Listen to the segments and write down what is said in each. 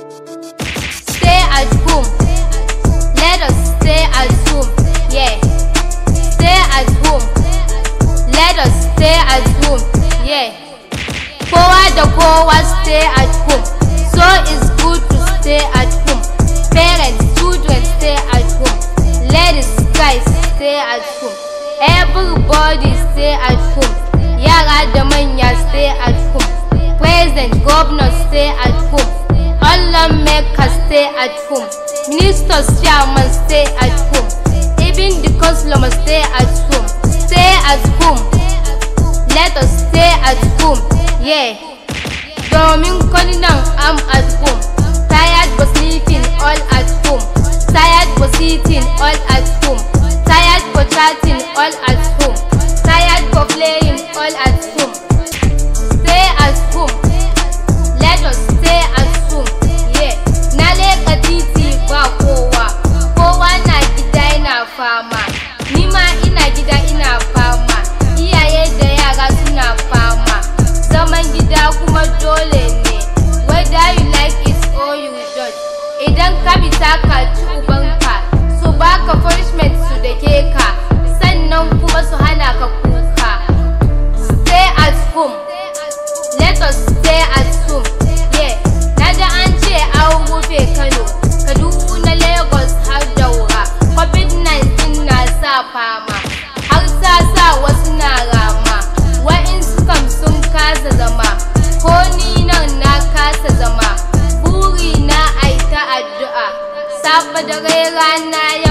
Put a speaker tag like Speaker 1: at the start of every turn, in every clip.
Speaker 1: Stay at home. Let us stay at home. Yeah. Stay at home. Let us stay at home. Yeah. Kowa da kowa stay at home. So it's good to stay at home. Parents, children stay at home. Ladies, guys stay at home. Everybody stay at home. Yara da manya stay at home. President, governor stay at home. stay at home. Ministers, chairman, stay at home. Even the must stay at home. Stay at home. Let us stay at home. Yeah. Domin kwani am at home. Tired but sleeping all at home. I Jagayagan Nayam.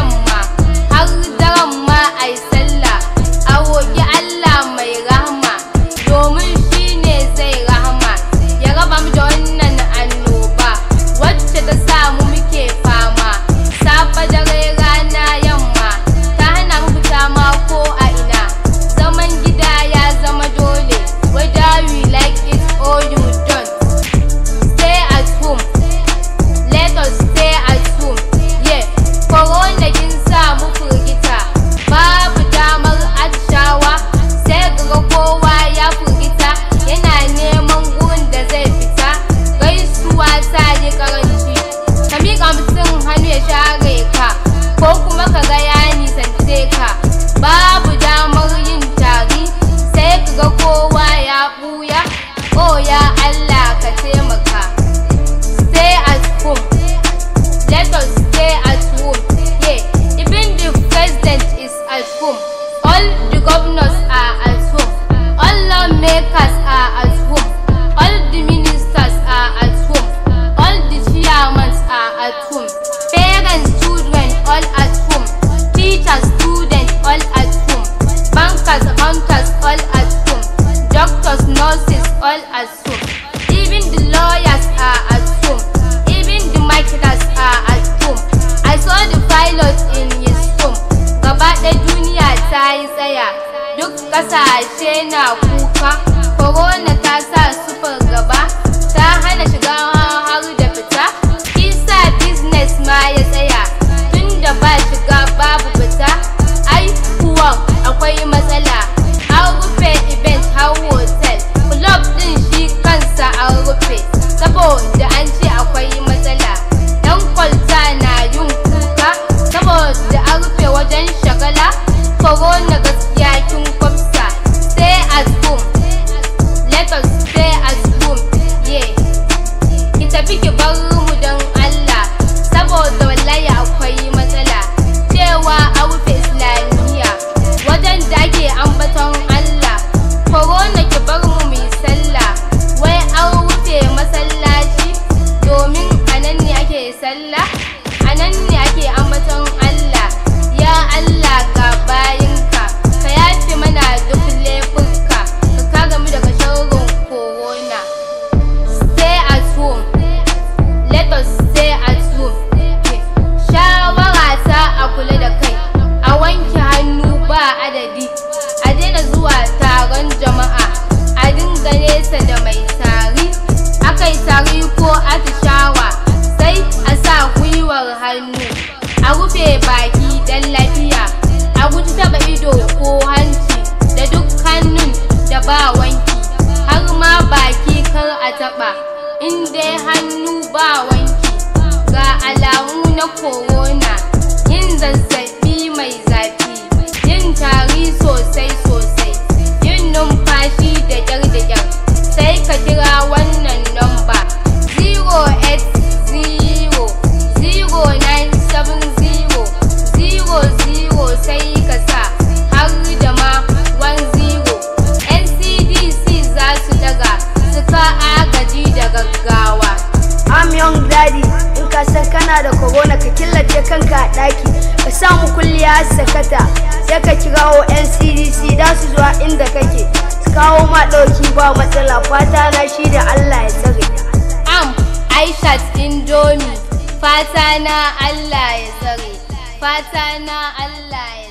Speaker 1: lawmakers are at home. All the ministers are at home. All the chairmen are at home. Parents, children, all at home. Teachers, students, all at home. Bankers, hunters, all at home. Doctors, nurses, all at home. Even the lawyers are at home. Even the marketers are at home. I saw the pilot in his home. Gaba da duniya ta tsaya. kasashe na kuka corona taba in dai hannu ba wanki ga alamu na corona yin zazzabi mai zafi yin tari sosai sosai yin numfashi da kyar da kyar sai ka kira wannan namba 08 Say sai kanka a ɗaki ka samu kulli ya sakata sai ka kirawo ncdc da su zuwa inda kake kawo ma ɗauki ba matsala fata na shi da allah ya tsare am aishat indomi fata na allah ya tsare fata na allah ya